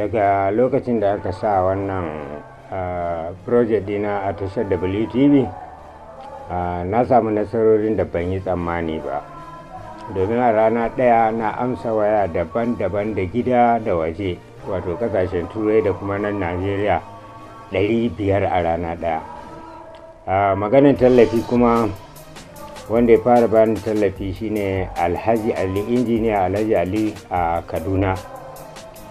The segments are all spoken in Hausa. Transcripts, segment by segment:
daga lokacin da aka sa wannan ah, project dina a tashar wtv ah, na samu nasarorin da ban yi tsammani ba domin a rana ɗaya na amsa waya daban-daban da gida da waje wato kasashen turai da kuma nan najeriya 500 a rana ɗaya ah, maganin tallafi kuma wanda ya fara bani tallafi shine alhaji ali injiniya alhaji ali a kaduna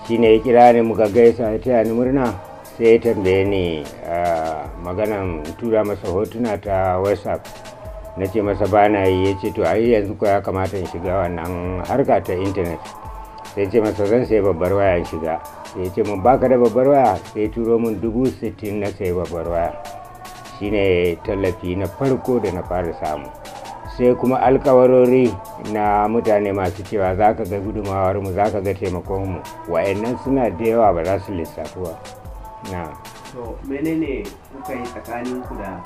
shine ya kira ni muka gaisa ya taya ni murna sai ya tambaye ni ah, maganan tura masa hotuna ta whatsapp na ce masa bana yi ya ce to ai yanzu ko ya kamata in shiga wannan harka ta intanet sai ce masa zan sai babbar waya in shiga sai ya ce mun baka da babbar waya sai turo mun dubu sittin na sai babbar waya shine tallafi na farko da na fara samu sai kuma alkawarori na mutane masu cewa za ka ga mu, za ka ga taimakonmu wa'annan suna da yawa ba za su lissafi ba na to menene kuka yi tsakanin ku da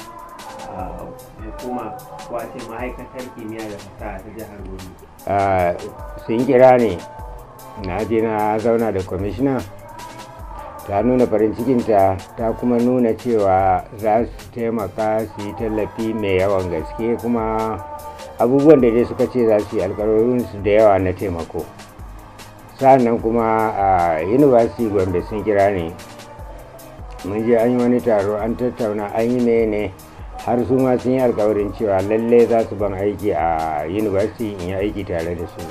hukuma ah, ko a ma'aikatar kimiyya da fasaha ta jihar Borno ah, sun kira ne na je na zauna da kwamishina ta nuna farin cikinta ta kuma nuna cewa za su taimaka su yi tallafi mai yawan gaske kuma abubuwan da dai suka ce za su yi alkarorinsu da yawa na taimako sa'annan kuma a university gombe sun kira ne mun je an yi wani taro an tattauna an yi ne ne har su ma sun yi alkawarin cewa lalle za su ban aiki a university in yi aiki tare da su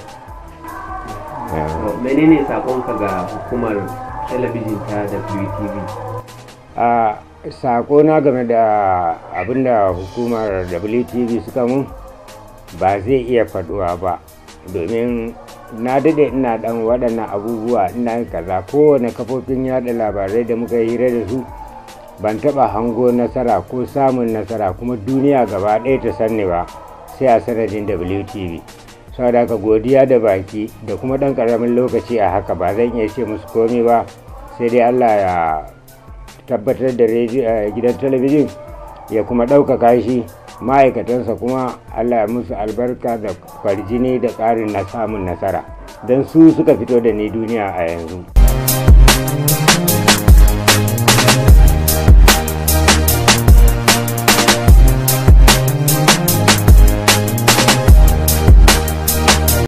menene sakonka ga hukumar talabijin ta wtv a sako na game da abinda hukumar wtv suka mun ba zai iya faduwa ba domin na dade ina dan waɗannan abubuwa ina yin kaza kowane kafofin yada labarai da muka hira da su ban taɓa hango nasara ko samun nasara kuma duniya gaba ɗaya ta sanni ba sai a sanadin wtv sadaka ka godiya da baki da kuma ɗan ƙaramin lokaci a haka ba zan iya ce musu komai ba sai dai allah ya tabbatar da eh, gidan talabijin ya kuma ɗaukaka shi ma'aikatansa kuma allah ya musu albarka da kwarjini da ƙarin na samun nasara don su suka fito da ni duniya a yanzu.